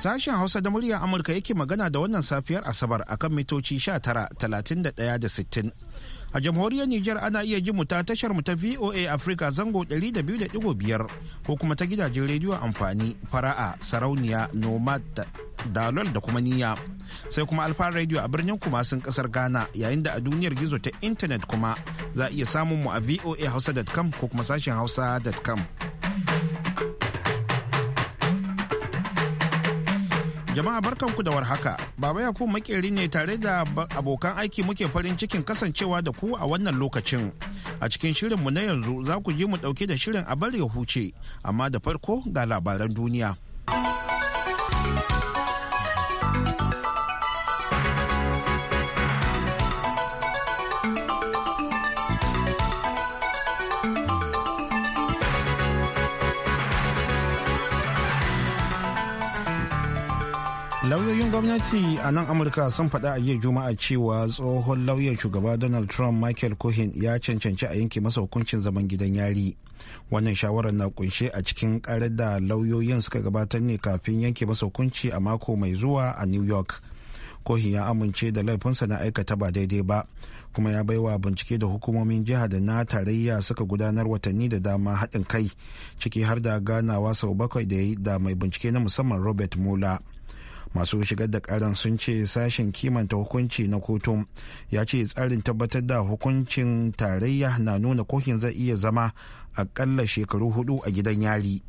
Sashen Hausa da muryar Amurka yake magana da wannan safiyar Asabar akan mitoci talatin da 60. A jamhuriyar Nijar ana iya ji mu ta tashar mu ta VOA Africa zango 200.5 ko kuma ta gidajen rediyo amfani fara'a sarauniya nomad dalol da kuma niyya. Sai kuma alfa rediyo a birnin kumasin kasar Ghana yayin da a duniyar gizo ta intanet kuma za a iya samun mu a voa hausa.com ko kuma sashen hausa.com. Jama'a barkanku da warhaka. Baba yakub makeri ne tare da abokan aiki muke farin cikin kasancewa da ku a wannan lokacin. A cikin shirinmu na yanzu za ku je mu dauke da shirin a bari ya huce, amma da farko ga labaran duniya. lauyoyin gwamnati a nan amurka sun faɗa a jiya juma'a cewa tsohon lauyan shugaba donald trump michael cohen ya cancanci a yanke masa hukuncin zaman gidan yari wannan shawarar na kunshe a cikin karar da lauyoyin suka gabatar ne kafin yanke masa hukunci a mako mai zuwa a new york cohen ya amince da laifinsa na aikata ba daidai ba kuma ya baiwa bincike da hukumomin jiha da na tarayya suka gudanar watanni da dama haɗin kai ciki har da ganawa sau bakwai da mai bincike na musamman robert mueller masu shigar da karan sun ce sashen kimanta hukunci na kotun ya ce tsarin tabbatar da hukuncin tarayya na nuna kohin zai iya zama akalla shekaru hudu a gidan yari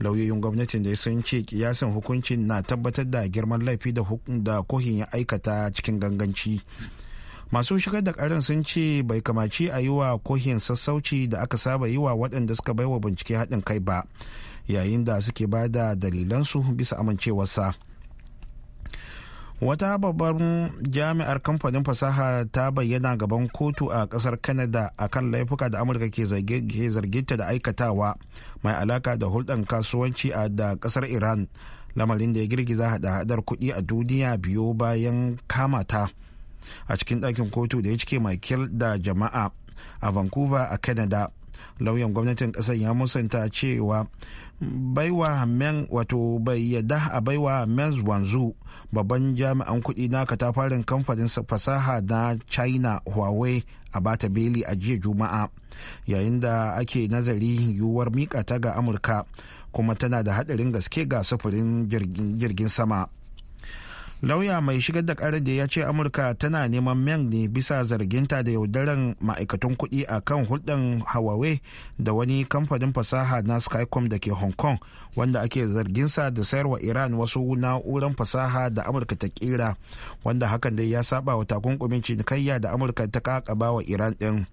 lauyoyin gwamnatin da sun ce kiyasin hukuncin na tabbatar da girman laifi da kohin ya aikata cikin ganganci masu shigar da karin sun ce bai kamaci a yi wa kohin sassauci da aka saba yi wa waɗanda suka baiwa bincike haɗin kai ba yayin da suke ba da dalilansu bisa amincewarsa. wata babbar jami'ar kamfanin fasaha ta bayyana gaban kotu a kasar canada akan laifuka da amurka ke zargita da aikatawa mai alaka da hulɗar kasuwanci a da kasar iran lamarin da ya girgiza hada-hadar kuɗi a duniya biyu bayan kamata a cikin ɗakin kotu da ya cike michael da jama'a a vancouver a canada lauyan gwamnatin ƙasar ya musanta cewa baiwa men wato bai yadda a baiwa men wanzu babban jami'an kuɗi na katafarin kamfanin fasaha na china huawei a bata beli a jiya juma'a yayin da ake nazari yiwuwar mika ta ga amurka kuma tana da haɗarin gaske ga sufurin jirgin sama lauya mai shigar da karar da ya ce amurka tana neman meng ne bisa zarginta da yaudaren ma'aikatan kuɗi a kan hulɗan hawawe da wani kamfanin fasaha na skycom da ke hong kong wanda ake zarginsa da sayarwa iran wasu na'urar fasaha da amurka ta kira wanda hakan dai ya saba wa takunkumin cinikayya da amurka ta kakaba wa iran din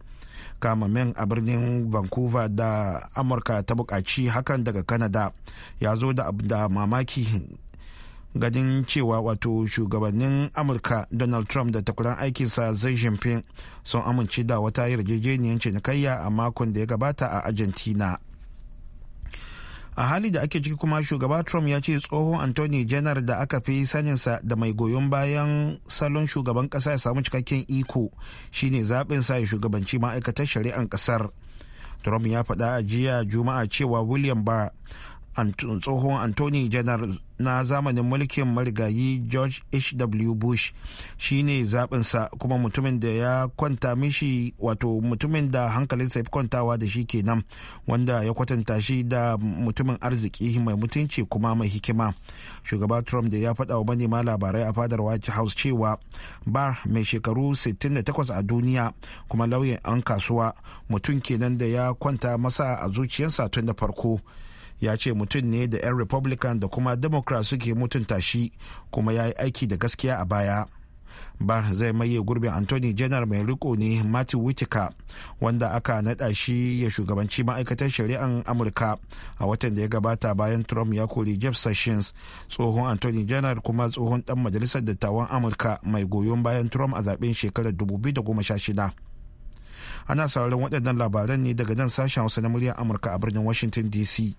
kamamin a birnin vancouver da amurka ta bukaci hakan daga canada ya zo da mamaki ganin cewa wato shugabannin amurka donald trump da takwaran aikinsa zai shimfin sun amince da wata yarjejeniyar cinikayya a makon da ya gabata a argentina a hali da ake ciki kuma shugaba trump ya ce tsohon anthony janar da aka fi saninsa da mai goyon bayan salon shugaban kasa ya samu cikakken iko shine zaɓin sa ya shugabanci ma'aikatar shari'ar kasar trump ya faɗa a jiya juma'a cewa william barr tsohon anthony janar na zamanin mulkin marigayi george h.w bush shine zaɓinsa kuma mutumin da ya kwanta mishi wato mutumin da hankalinsa ya fi kwantawa da shi kenan wanda ya kwatanta shi da mutumin arziki mai mutunci kuma mai hikima shugaba trump da ya faɗa wa manema labarai a fadar white house cewa ba mai shekaru 68 a duniya kuma lauyan 'yan kasuwa mutum kenan da ya kwanta masa a zuciyarsa tun da farko ya ce mutum ne da 'yan republican da kuma democrat suke mutunta shi kuma ya yi aiki da gaskiya a baya bar zai maye gurbin anthony janar mai riko ne martin whitaker wanda aka nada shi ya shugabanci ma'aikatar shari'an amurka a watan da ya gabata bayan trump ya kori jeff sessions tsohon anthony janar kuma tsohon dan majalisar dattawan amurka mai goyon bayan trump a zaben shekarar 2016 ana sauraron waɗannan labaran ne daga nan sashen hausa na muryar amurka a birnin washington dc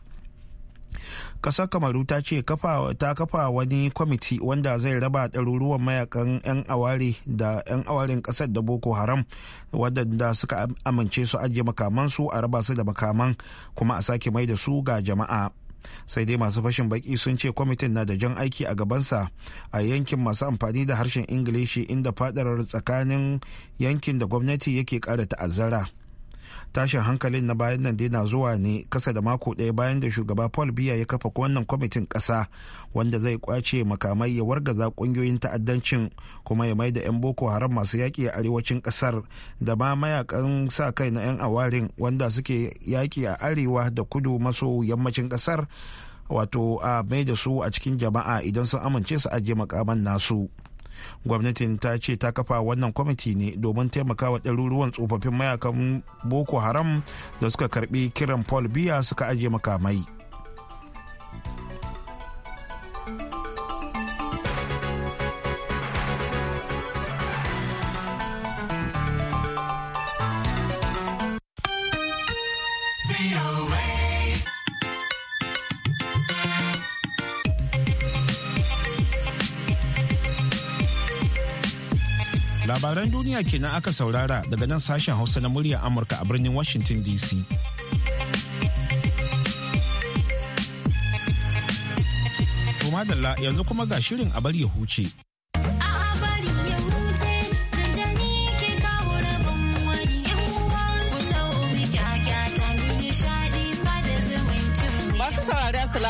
kasar kamaru ta ce ta kafa wani kwamiti wanda zai raba ɗaruruwan mayakan 'yan aware da 'yan awarin ƙasar da boko haram wadanda suka amince su ajiye makaman su a raba su da makaman kuma a sake mai da su ga jama'a sai dai masu fashin baki sun ce kwamitin na da jan aiki a gabansa a yankin masu amfani da harshen ingilishi inda fadar tsakanin yankin da gwamnati yake ƙara ta'azzara. tashin hankalin na bayan nan na zuwa ne kasa da mako ɗaya bayan da shugaba paul biya ya kafa wannan kwamitin ƙasa wanda zai kwace makamai ya wargaza ƙungiyoyin ta'addancin kuma ya mai da 'yan boko haram masu yaƙi a arewacin ƙasar da ma mayakan sa kai na 'yan awarin wanda suke yaƙi a arewa da kudu maso yammacin ƙasar wato a mai da su a cikin jama'a idan sun amince su ajiye makaman nasu gwamnatin ta ce ta kafa wannan kwamiti ne domin taimakawa ɗaruruwan tsofaffin mayakan boko haram da suka karbi kiran paul biya suka ajiye makamai labaran duniya kenan aka saurara daga nan sashen hausa na murya amurka a birnin washington dc madalla yanzu kuma ga shirin a bari ya huce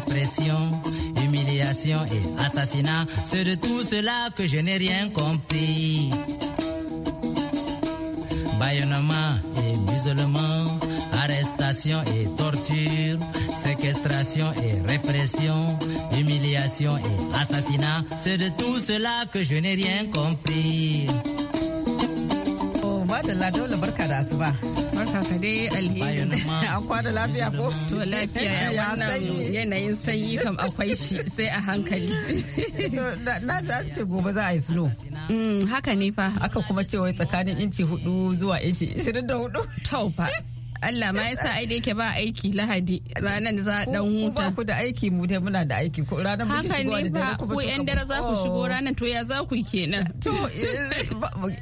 répression, humiliation et assassinat. C'est de tout cela que je n'ai rien compris. Bayonnement et musulman, arrestation et torture, séquestration et répression, humiliation et assassinat. C'est de tout cela que je n'ai rien compris. madalla daula barka da asuba. Barka ka dai alheri. An kwana lafiya ko? To lafiya ya wannan yanayin sanyi kam akwai shi sai a hankali. Na ji an ce gobe za a yi slow. Mm, haka ne fa. Aka kuma ce wai tsakanin inci hudu zuwa inci ishirin da Tau fa. Allah ma yasa aidi yake ba aiki Lahadi ranar da za a dan huta. Ku da aiki mu dai muna da aiki ko ranar mu ke da dare ku ku yan dare za ku shigo oh. ranar to ya za ku kenan. To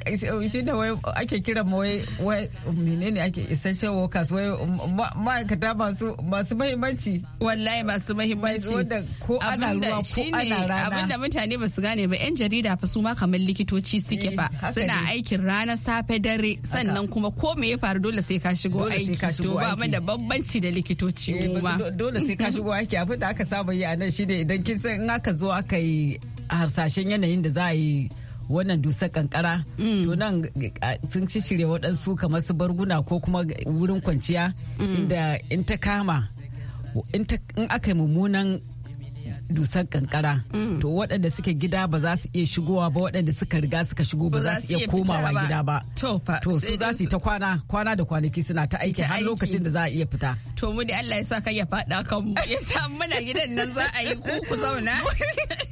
eh, shi da wai ake kira mu wai wai menene ake essential workers wai ma'aikata masu masu muhimmanci. Wallahi masu muhimmanci. Wanda ko ana ruwa ko ana rana. Abinda mutane ba su gane ba yan jarida fa su ma kamar likitoci suke ba. Eh, suna aikin rana safe dare sannan kuma ko me ya faru dole sai ka shigo aiki. sai ka shigo aiki. To da bambanci da likitoci kuma eh, Dole sai ka shigo aiki abin da aka saba yi a nan shine idan kin san in aka zo aka yi harsashen yanayin da za a yi wannan dusar kankara mm. to nan sun ci shirya waɗansu kamar su barguna ko kuma wurin kwanciya mm. inda in ta kama in aka yi mummunan dusar kankara mm. to waɗanda suke gida ba za su iya shigowa ba waɗanda suka riga suka shigo ba za su iya komawa gida ba to su za su yi ta kwana kwana da kwanaki suna ta aiki har lokacin da za a iya fita to mu da Allah ya sa kai ya faɗa kan mu ya sa muna gidan nan za a yi ku ku zauna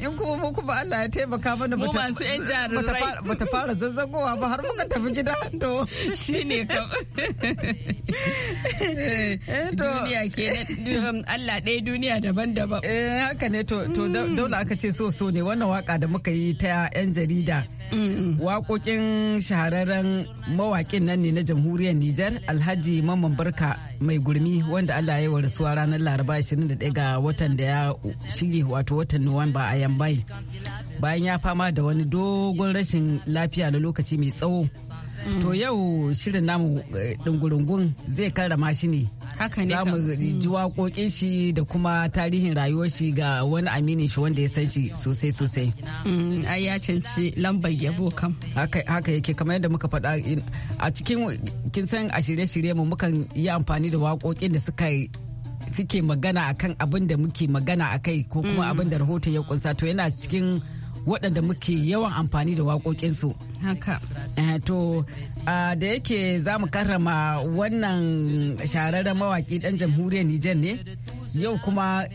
in kuma mu kuma Allah ya taimaka mana mu masu yan jarirai bata fara zazzagowa ba har muka tafi gida to shine ka eh, duniya ke um, Allah ɗaya duniya daban-daban eh haka ne to dole aka ce so so ne wannan waka da muka yi ta yan jarida waƙoƙin shahararren mawaƙin nan ne na jamhuriyar Nijar Alhaji Mamman Barka mai gurmi wanda Allah ya wa rasuwa ranar Laraba 21 ga watan da ya shige wato watan Nuwamba a Yambai. Bayan ya fama da wani dogon rashin lafiya na lokaci mai tsawo. To yau shirin namu eh, ɗungurungun zai karrama shi ne za mu ji hmm. waƙoƙin shi da kuma tarihin rayuwar shi ga wani aminin shi wanda ya san shi sosai sosai hmm, ai ya canci lambar yabo kam haka yake kamar yadda muka faɗa a cikin kin san a shirye-shirye mu mukan yi amfani da waƙoƙin da suka suke magana akan abin da muke magana akai ko kuma hmm. abin da rahoton ya kunsa to yana cikin waɗanda muke yawan amfani da waƙoƙinsu. Haka. Eh, to da yake za mu karrama wannan shahararren mawaƙi ɗan jamhuriyar Nijar ne, yau kuma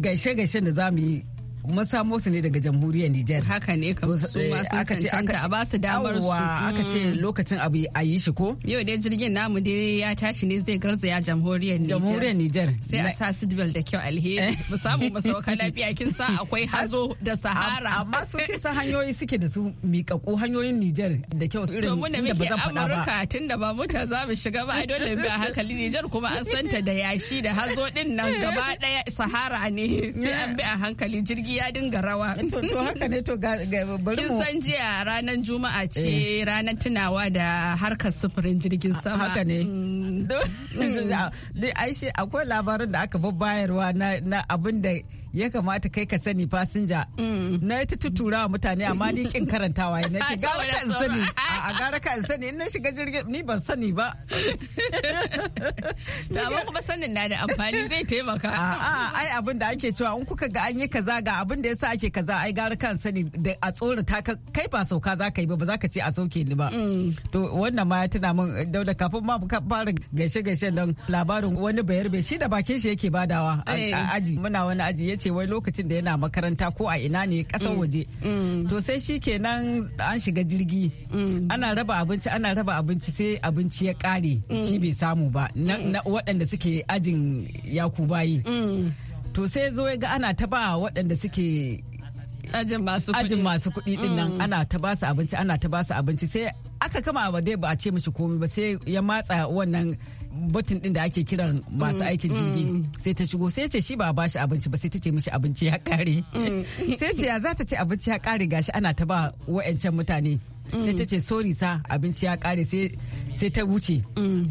gaishe-gaishen da za mu yi kuma samo su ne daga jamhuriyar Nijar. Haka ne ka su masu eh, cancanta ba su damar su. aka ce mm. lokacin abu a yi shi ko? Yau dai jirgin namu dai ya tashi ne zai garzaya jamhuriyar Nijar. Jamhuriyar Nijar. Sai a sa sidbel da kyau alheri. Mu samu mu sauka lafiya kin sa akwai hazo da sahara. Amma su kisa hanyoyi suke da su miƙaƙƙu hanyoyin Nijar da kyau to mu da muke Amurka tun da ba mota za mu shiga ba dole bi a hankali Nijar kuma an santa da yashi da hazo din nan gaba ɗaya sahara ne sai an bi a hankali jirgi ya dinga rawa. To haka ne to bari mu. Kin san jiya ranar Juma'a ce ranar tunawa da harkar sufurin jirgin sama. Haka ne. Ai akwai labarin da aka babbayarwa na abin da ya kamata kai ka sani fasinja mm. na tutura wa mutane amma ni kin karantawa ya nace ga ka in sani a gara ka in sani in na shiga jirgin ni ban sani ba amma kuma sanin na da amfani zai taimaka a ai abin da ake cewa in kuka ga an yi kaza ga abin da yasa ake kaza ai gara ka in sani da a tsorata ta kai ba sauka za ka yi ba ba za ka ce a sauke ni ba mm. to wannan ma ya tuna min dauda kafin ma fara gaishe gaishe don labarin wani bayar bai shi da bakin shi yake badawa eh. aji muna wani aji yace ce wai lokacin da yana makaranta ko a ina ne kasar mm. waje mm. to sai shi kenan an shiga jirgi mm. ana raba abinci ana raba abinci sai abinci ya kare shi bai samu ba na waɗanda suke ajin yakubayi to sai zo ya ga ana ta ba waɗanda suke ajin masu kuɗi ajin masu kuɗi din nan ana ta ba su abinci ana ta ba su abinci sai aka kama ba dai ba a ce mishi komai ba sai ya matsa wannan batin din da ake kiran masu mm, aikin jirgi mm. sai ta shigo sai ce shi ba ba shi abinci ba sai ta ce mishi abinci ya kare mm. sai ce ya za ta ce abinci ya kare gashi ana ta ba wa'ancan mutane sai ta ce sorry sa abinci ya kare sai ta wuce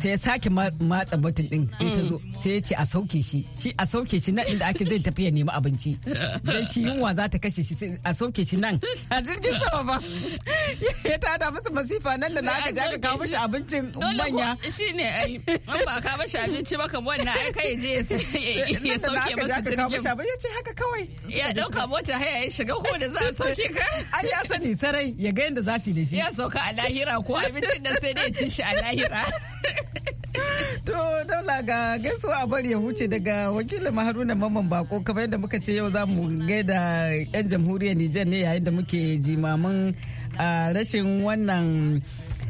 sai ya sake matsa mutum din sai ta zo sai ya ce a sauke shi shi a sauke shi nan inda ake zai tafi ya nemi abinci dan shi yunwa za ta kashe shi a sauke shi nan a jirgin sama ba ya tada musu masifa nan da na aka ja aka kawo shi abincin manya shi ne ai an ba ka mishi abinci ba kan wannan ai kai je ya sauke masa jirgin ya ce haka kawai ya dauka mota haya ya shiga ko da za a sauke ka ai ya sani sarai ya ga yadda za su yi da shi ji. ya sauka a lahira ko abincin da sai dai ci shi a lahira to daula ga gaisuwa a bari ya huce daga wakilin haruna mamman bako kamar yadda muka ce yau za mu da yan jamhuriyar nijar ne yayin da muke jimamin rashin wannan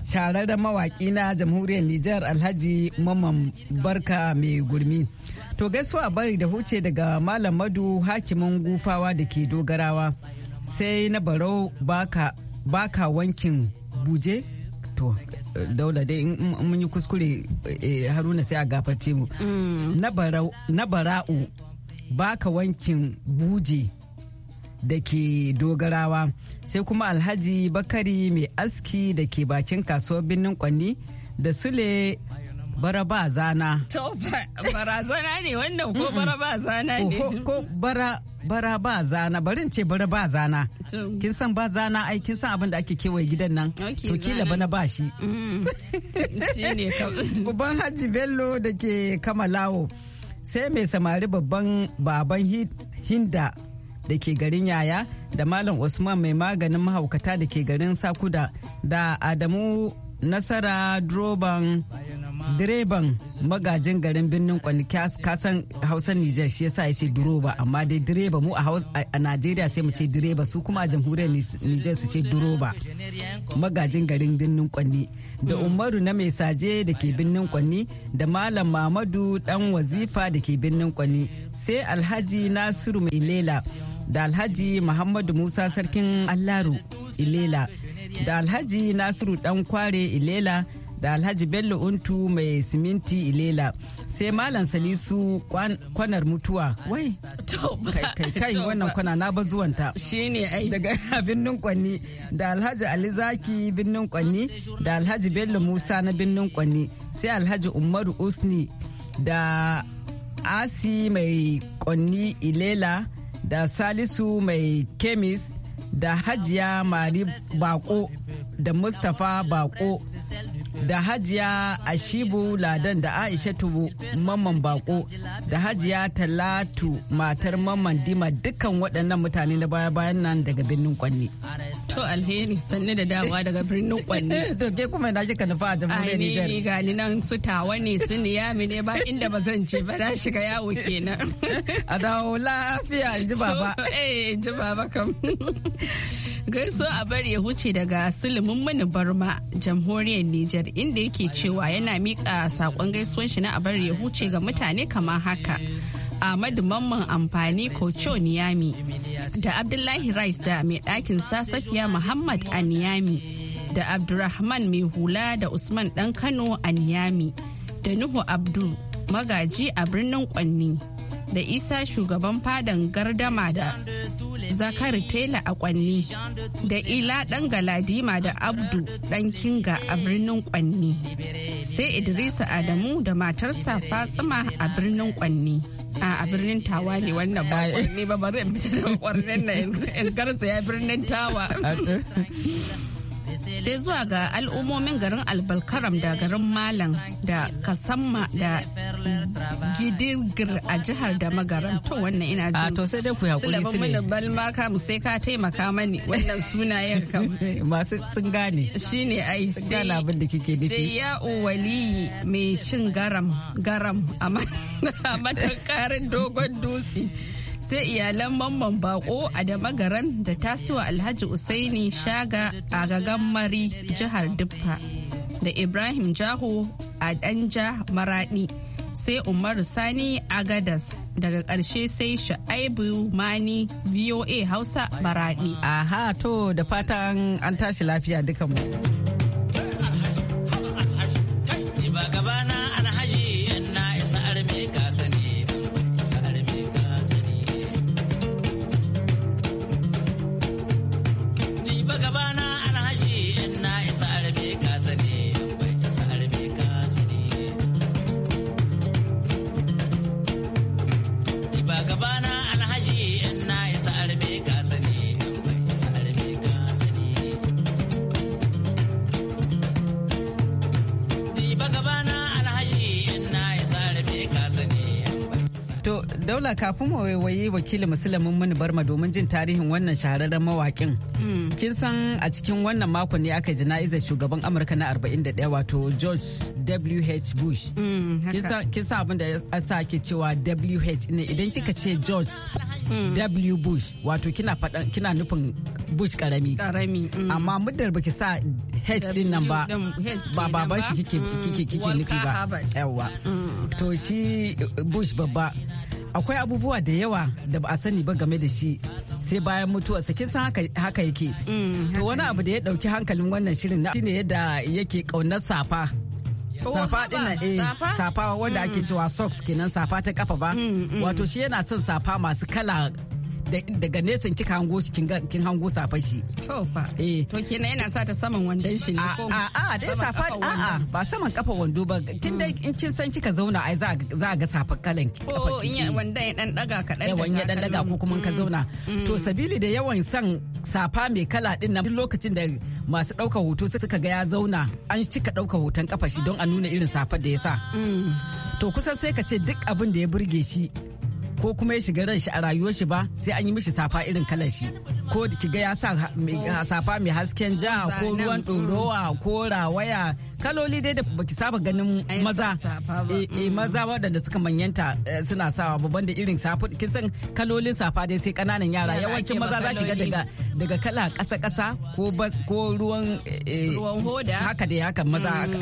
shararren mawaki na jamhuriyar Nijar Alhaji Mamman Barka mai gurmi. To gaisuwa bari da huce daga Malam Madu hakimin gufawa da ke dogarawa sai na barau baka baka wankin buje to daula dai in mun yi kuskure eh, eh, haruna sai a gafarce mu mm. na bara'u baka wankin buje da ke dogarawa sai kuma alhaji bakari mai aski da ke bakin kasuwar birnin kwanni da sule baraba zana to barazana ne wannan ko baraba zana ne ko bara bara ba zana barin ce bara ba zana kin san ba zana ai kin san abin da ake kewaye gidan nan to kila bana ba shi mm. uban haji bello da ke kamalawo sai mai samari babban baban hinda da ke garin yaya da malam usman mai maganin mahaukata da ke garin sakuda da adamu nasara droban direban magajin garin birnin kwani kasan hausa nijar shi yasa ya ce duroba amma dai direba mu a najeriya sai mu ce direba su kuma a jamhuriyar nijar su ce duroba magajin garin birnin kwani da umaru na mai saje da ke birnin kwani da malam mamadu dan wazifa da ke birnin kwani sai alhaji nasiru mai lela da alhaji muhammadu musa sarkin allaru ilela da alhaji nasiru dan kware ilela da alhaji bello untu mai siminti ilela sai malam salisu kwanar mutuwa wai kai kai wannan kwana na bazuwanta shine ai daga binnin kwanni da alhaji alizaki binnin kwanni da alhaji bello musa na birnin kwanni sai alhaji umaru usni da asi mai kwanni ilela da salisu mai kemis da hajiya mari bako da Mustapha Bako da Hajiya Ashibu Ladan da Aishatu Mamman Bako da Hajiya Talatu matar Mamman Dima dukkan waɗannan mutane na baya-bayan nan daga birnin Kwanne. To alheri sanne da dawa daga birnin Kwanne. To ke kuma na kika nufa a jamhuriyar Nijar. Ai gani nan su tawa ne su niyami ne ba inda ba zan ce ba na shiga yawo kenan. A dawo lafiya in ji baba. Eh in ji baba kam. Gaiso a bari ya huce daga sulumin mani barma jamhuriyar Nijar inda yake cewa yana miƙa saƙon gaisuwan shi na a bari ya huce ga mutane kamar haka. Ahmadu Mamman amfani Kocho Niyami da Abdullahi Rice da mai ɗakin sasafiya Muhammad a Niyami da Abdurrahman mai hula da Usman ɗan Kano a Niyami da Nuhu Abdu magaji a birnin Kwanni. da isa shugaban fadan gardama da zakari tela a kwanni da ila dan galadima da abdu dan kinga a birnin kwanni sai idrisa adamu da matarsa fatsima a birnin kwanni a birnin tawa ne wannan ba ne ba bari in mutu da kwarnan na in garza ya birnin tawa sai zuwa ga al'ummomin garin albalkaram da garin malam da kasamma da gidigir a jihar da magaram to wannan ina ji to sai dai ku hakuri su ne balma ka mu sai ka taimaka mani wannan sunayen kam masu sun gane shine ai sai labin da kike nufi sai ya waliyi mai cin garam garam a matakarin dogon dutse sai iyalan mamman bako a damagaran da tasiwa alhaji usaini shaga a gagan mari jihar duffa da ibrahim jaho a danja maradi sai umar sani a agadas daga ƙarshe sai sha'aibu mani voa hausa maradi aha to da fatan an tashi lafiya dukanmu. gabana kafin mu waiwaye wakilin musulmin muni barma domin jin tarihin wannan shahararren mawakin. Hmm. Kin san a cikin wannan makon ne aka jana'izar shugaban Amurka na 41 wato George W.H. Bush. Hmm, kin san abin da sa ke cewa W.H. ne idan kika ce George hmm. W. Bush wato kina nufin Bush karami. Karami. Amma muddar baki sa H din nan ba ba baban shi kike kike nufi ba. Yawwa. To shi Bush babba akwai abubuwa da yawa da ba a sani ba game da shi sai bayan mutuwarsa kin san haka yake mm, to wani abu da ya dauki hankalin wannan shirin na shine yadda yake kaunar oh, eh, safa safa din eh safa wanda ake mm. cewa socks kenan safa ta kafa ba mm, wato shi yana son safa masu kala daga nesan kika hango shi kin hango safa shi to fa eh to kenan yana sa ta saman wandon shi ne ko a a dai safa a a ba saman kafa wando ba kin dai in kin san kika zauna ai za za ga safa kalan kafa ko in wandon ya dan daga kadan da wani ya dan daga ko kuma ka zauna mm, mm. to sabili da yawan san safa mai kala din nan lokacin da masu ɗaukar hoto suka ga ya zauna an cika ɗaukar hoton kafa shi don a nuna irin safar da ya sa mm. to kusan sai ka ce duk abin da ya burge shi ko kuma ya shiga ran shi a rayuwar shi ba sai an yi mishi safa irin kalar shi ko ga ya sa safa mai hasken ja ko ruwan ɗorowa ko rawaya kaloli dai da baki saba ganin maza eh, eh, mm. maza waɗanda suka manyanta eh, suna sawa babban da irin safa kin san kalolin safa dai sai kananan yara yawancin maza za ki ga daga daga kala ƙasa ƙasa ko ko ruwan hoda haka dai haka maza mm. haka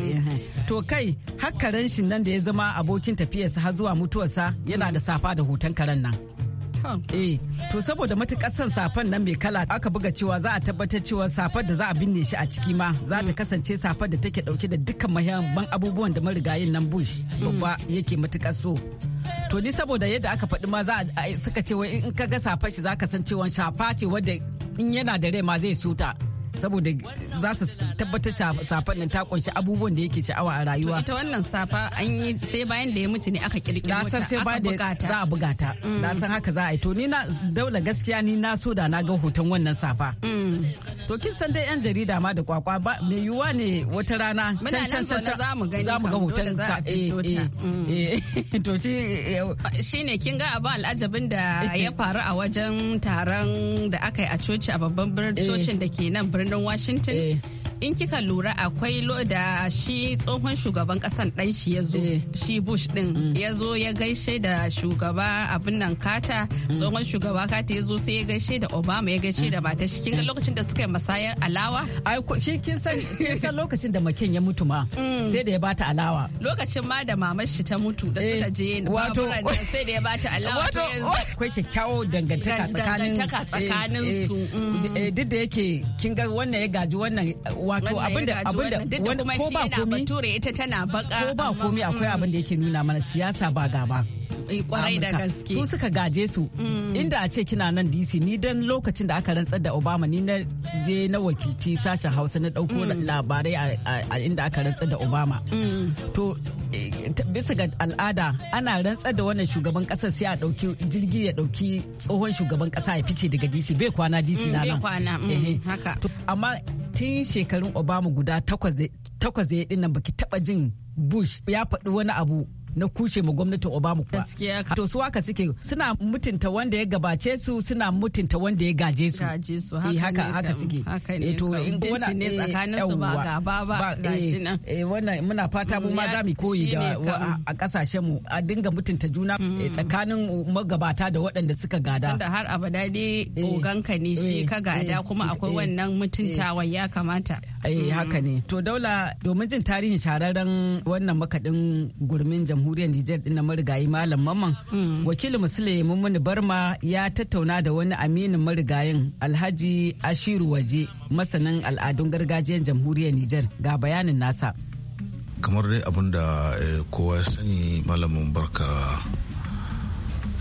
to kai har karen nan da ya zama abokin tafiyarsa har zuwa mutuwarsa yana da safa da hoton karen nan eh to saboda matukar son safan nan mai kala aka buga cewa za a tabbatar cewa safar da za a binne shi a ciki ma za ta kasance safar da take dauke da dukkan mahimman abubuwan da marigayin nan bush babba yake matukar so to ni saboda yadda aka faɗi ma za a suka ce wai in ka ga safar shi za ka san cewa shafa ce wadda in yana da rai ma zai suta saboda za su tabbatar safan nan ta kunshi abubuwan da yake sha'awa a rayuwa. ita wannan safa an yi sai bayan da ya mutu ne aka kirkiro ta aka bugata Za a bugata mm. Na san haka za a yi to ni na daula gaskiya ni na so da na ga hoton wannan safa. Mm. To kin san dai yan jarida ma da kwakwa ba me yiwuwa ne wata rana can can can za mu ga hoton safa. Eh, eh, mm. eh. To shi shine kin ga abu al'ajabin da ya faru a wajen taron da aka yi a coci a babban birnin cocin da ke nan birnin birnin mm. Washington eh. in kika lura akwai da shi tsohon shugaban kasan dan shi ya zo eh. shi bush din mm. ya zo ya gaishe da shugaba abin nan kata mm. tsohon shugaba kata ya zo sai ya gaishe da obama ya gaishe da mm. mata shi kin ga lokacin da suka yi masayar alawa shi kin san lokacin da makin ya mutu ma sai da ya bata alawa lokacin ma da mamar shi ta mutu da suka eh, je wato sai da ya bata alawa wato oh, akwai kyakkyawo dangantaka tsakanin tsakanin su eh, duk da yake kin ga wannan ya gaji wannan wato abinda abinda wanda ko ba komi ita tana baka ko ba um, komi akwai abin da yake nuna mana siyasa ba gaba eh, kwarai da gaske su suka gaje su mm. inda a ce kina nan DC ni dan lokacin da aka rantsar da Obama ni na je na wakilci sashen Hausa na dauko mm. labarai a inda aka rantsar da Obama mm. to eh, bisa ga al'ada ana rantsar da wannan shugaban kasar sai a dauki jirgi ya dauki tsohon shugaban kasa ya fice daga DC bai kwana DC na nan amma tun shekarun obama guda takwas ya nan baki taɓa jin bush ya faɗi wani abu na kushe mu gwamnatin Obama ba. Gaskiya to su haka suke suna mutunta wanda ya gabace su suna mutunta wanda ya gaje su. Gaje su eh, haka haka suke. Haka eh, ne. To in wannan ne eh, tsakanin su ba gaba ba gashi nan. Eh wannan muna fata mu ma za mu koyi da a kasashen mu a dinga mutunta juna mm. tsakanin magabata da waɗanda suka gada. Tunda har abada dai oganka ne shi ka gada kuma akwai wannan mutuntawa ya kamata. Eh haka ne. To daula domin jin tarihin shararren wannan makaɗin gurmin jam jamhuriyar Nijar din na marigayi Malam Mamman. Mm. Wakilin Musule Mummuni Barma ya tattauna da wani aminin marigayin Alhaji Ashiru Waje masanin al'adun gargajiyar jamhuriyar Nijar ga bayanin nasa. Kamar dai abin da eh, kowa ya sani malamin barka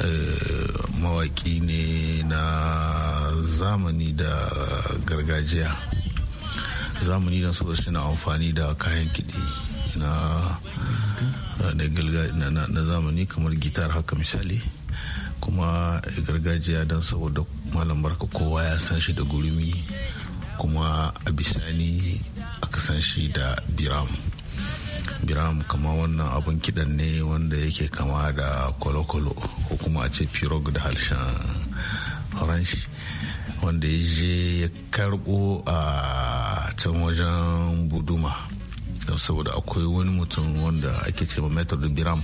eh, mawaki ne na zamani da gargajiya zamani don saboda shi na amfani da kayan kiɗi na na zamani kamar gitar haka misali kuma gargajiya don saboda malam barka kowa ya san shi da gurumi kuma a bisani aka san shi da biram biram kama wannan abin kidan ne wanda yake kama da kolokolo ko kuma a ce pirog da harshen faranshi wanda ya je ya karbo a can wajen buduma don saboda akwai wani mutum wanda ake ce ma da biram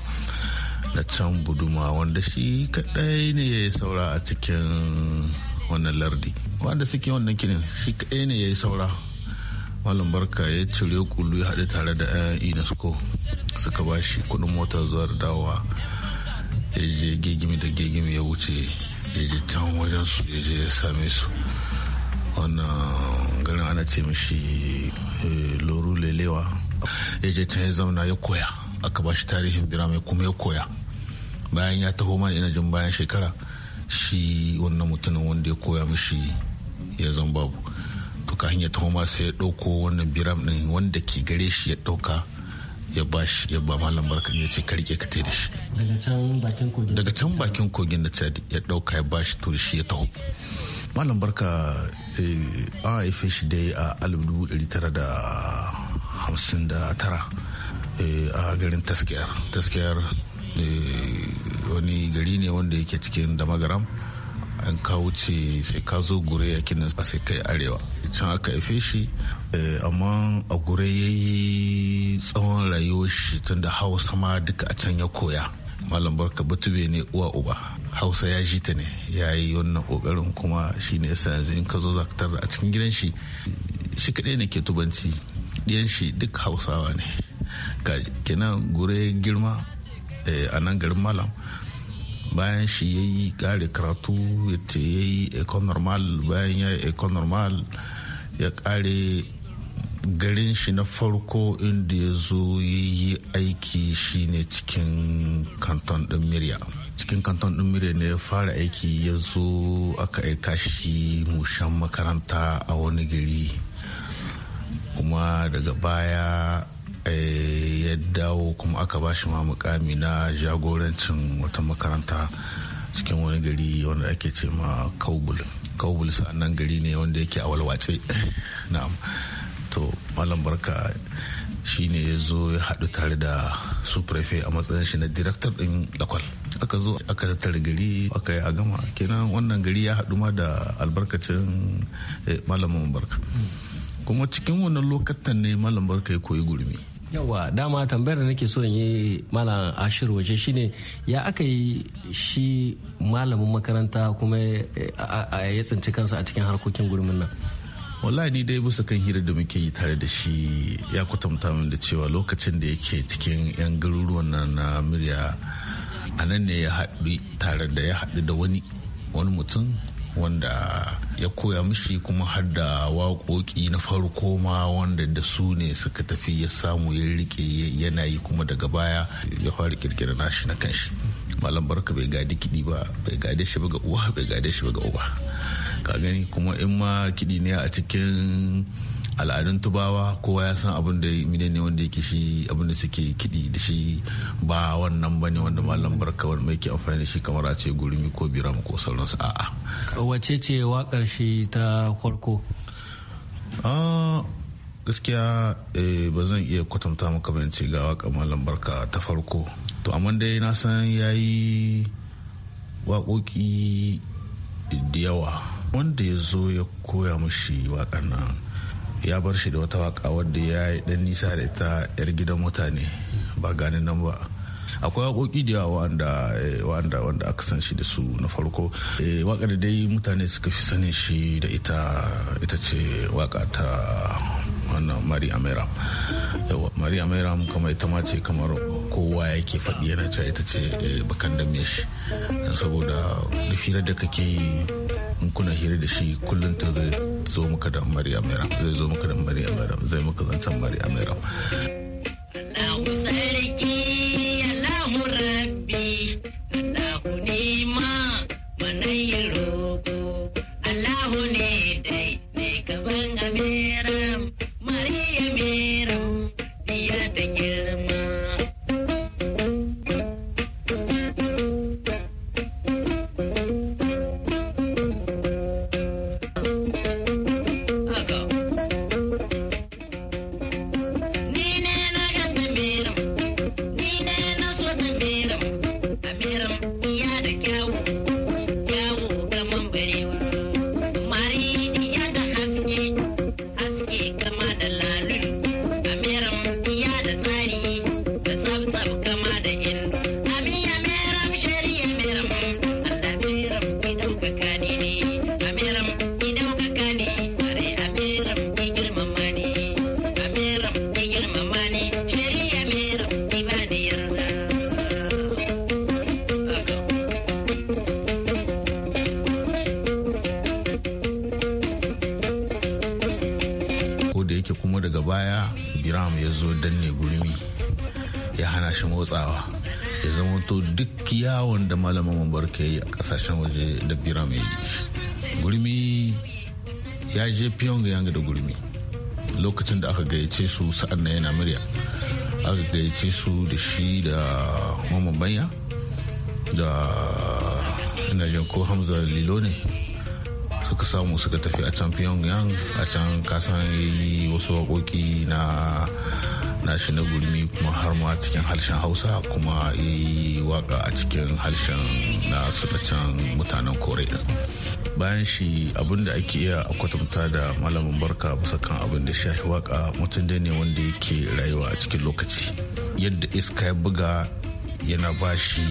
na can buduma wanda shi kadai ne ya yi saura a cikin wannan lardi wanda suke wannan kinin shi kadai ne ya yi saura malam barka ya cire kulu ya haɗu tare da yan unesco suka ba shi kudin mota zuwa da dawa ya je gegimi da gegimi ya wuce ya je can wajen su ya je ya same su wannan garin ana ce mishi eh, loru lelewa ya je can ya zauna ya koya aka ba shi tarihin biramai kuma ya koya bayan ya taho mana ina jin bayan shekara shi wannan mutumin wanda ya koya mishi ya zama babu to kahin ya taho ma sai ya ɗauko wannan biram ɗin wanda ke gare shi ya ɗauka ya ba shi ya ba malam barka ya ce karke ka da shi daga can bakin kogin na chad ya dauka ya ba shi to shi ya taho malam barka eh, a haife shi dai a da. hamsin da tara eh, a garin taskiyar taskiyar eh, wani gari ne wanda yake cikin damagaram an kawo ce sai ka zo gure yakin nan sai kai arewa can aka haife shi eh, amma a gure ya yi tsawon rayuwa shi tun da hausa ma duka a can ya koya malam barka batube ne uwa uba hausa ya ji ta ne ya yi wannan kokarin kuma shi ne yasa yanzu in ka zo zaktar a cikin gidan shi shi kaɗai ne ke tubanci ɗiyan shi duk hausawa ne ga kina gure girma eh, a nan garin malam bayan shi ya yi karatu ya yi eco normal bayan ya yi eco normal ya kare garin shi na farko inda ya zo ya yi aiki shi ne cikin kanton ɗin miriya cikin kanton ɗin miriya ne ya fara aiki ya zo aka aika shi mushan makaranta a wani gari kuma daga baya eh, ya dawo kuma aka ba shi ma mukami na jagorancin wata makaranta cikin wani gari wanda ake ce ma kaubul kaubul sa'annan gari ne wanda yake a walwatse na'am to malam barka shi ne ya zo ya haɗu tare da su prefe a matsayin shi na director ɗin lakwal aka zo aka tattara gari aka yi a gama kenan wannan gari ya haɗu ma da albarkacin eh, malamin barka kuma cikin wani lokacin ne malam barka ya koyi gurmi yawa dama tambayar da nake so in yi malam ashir waje shine ya aka yi shi malamin makaranta kuma eh, ya tsinci kansa a cikin harkokin gurmin nan wallahi ni dai bisa kan hira da muke yi tare da shi ya kwatanta min da cewa lokacin da yake cikin yan garuruwan nan na murya a nan ne ya haɗu tare da ya haɗu da wani wani mutum wanda ya koya mishi kuma har da waƙoƙi na farko ma wanda da su ne suka tafi ya samu ya rike yana yi kuma daga baya ya fara kirkira nashi na kanshi malam barka bai gadi kiɗi ba bai gade shi ba ga uwa bai gade shi ba ga uba ka gani kuma in ma kiɗi ne a cikin al'adun tubawa kowa ya san abin da mine ne wanda yake shi abin da suke kiɗi da shi ba wannan ba ne wanda malam barka wani mai ke amfani da shi kamar a ce gurumi ko biram ko sauransu a'a. wace ce waƙar shi ta farko? Ah, gaskiya eh, ba zan iya kwatanta maka ce ga waƙar malam barka ta farko to amma dai na san ya yi waƙoƙi da yawa wanda ya zo ya koya mushi waƙar nan ya bar shi da wata waka wadda ya yi dan nisa da ita yar gidan mutane ba ganin nan ba akwai waƙoƙi da yawa wanda eh, wanda aka san shi da su na farko eh, waƙar dai mutane suka fi sanin shi da ita ita ce waƙa ta wannan mari amera mari amera kamar ita ma ce kamar kowa yake faɗi yana cewa ita ce eh, bakan da shi saboda da firar da kake yi in kuna hira da shi kullum ta zai zo muka da Maryam Meram zai zo muka da Maryam Meram zai muka zancen Maryam Meram malamin barka yi a kasashen waje da bira mai gurmi ya je pyongyang da gurmi lokacin da aka gayyace su sa'an na yana murya aka gayyace su da shi da mamman banya da inajen ko hamza lilo ne suka samu suka tafi a can pyongyang a can kasan yi wasu waƙoƙi na nashi na gurmi kuma har ma cikin harshen hausa kuma ya yi waka a cikin harshen na can mutanen kore bayan shi abin da ake iya a kwatanta da malamin barka bisa kan abin da shahi waka mutum dai ne wanda yake rayuwa a cikin lokaci yadda iska ya buga yana bashi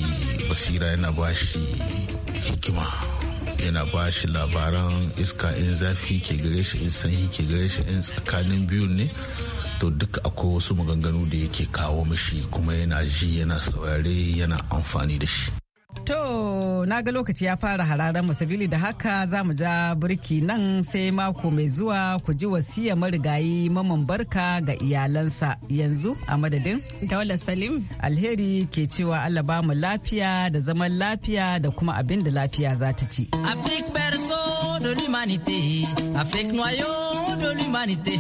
basira yana bashi hikima yana ba shi labaran iska in zafi ke gare shi in sanyi ke gare shi in tsakanin biyu ne to duk akwai wasu maganganu da yake kawo mishi kuma yana ji yana saurare yana amfani da shi To, na ga lokaci ya fara hararen masabili da haka za mu ja birki nan sai mako mai zuwa ku ji wasiya marigayi maman barka ga iyalansa yanzu a madadin. Daula Salim. Alheri ke cewa Allah ba mu lafiya da zaman lafiya da kuma abin da lafiya za ta ci. Afrik berceau de l'humanité, Afrik noyau de l'humanité.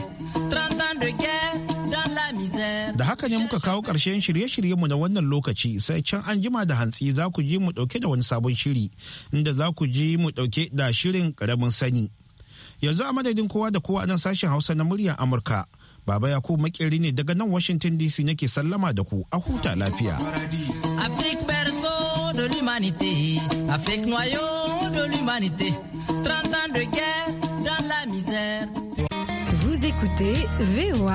Da haka ne muka kawo ƙarshen shirye-shiryenmu na wannan lokaci sai can an jima da hantsi za ku ji mu ɗauke da wani sabon shiri inda za ku ji mu ɗauke da shirin ƙaramin sani. Yanzu a madadin kowa da kowa nan sashen Hausa na muryar Amurka. Baba ya ku makeri ne daga nan Washington DC nake sallama da ku a huta lafiya. de la misère. écoutez VOA.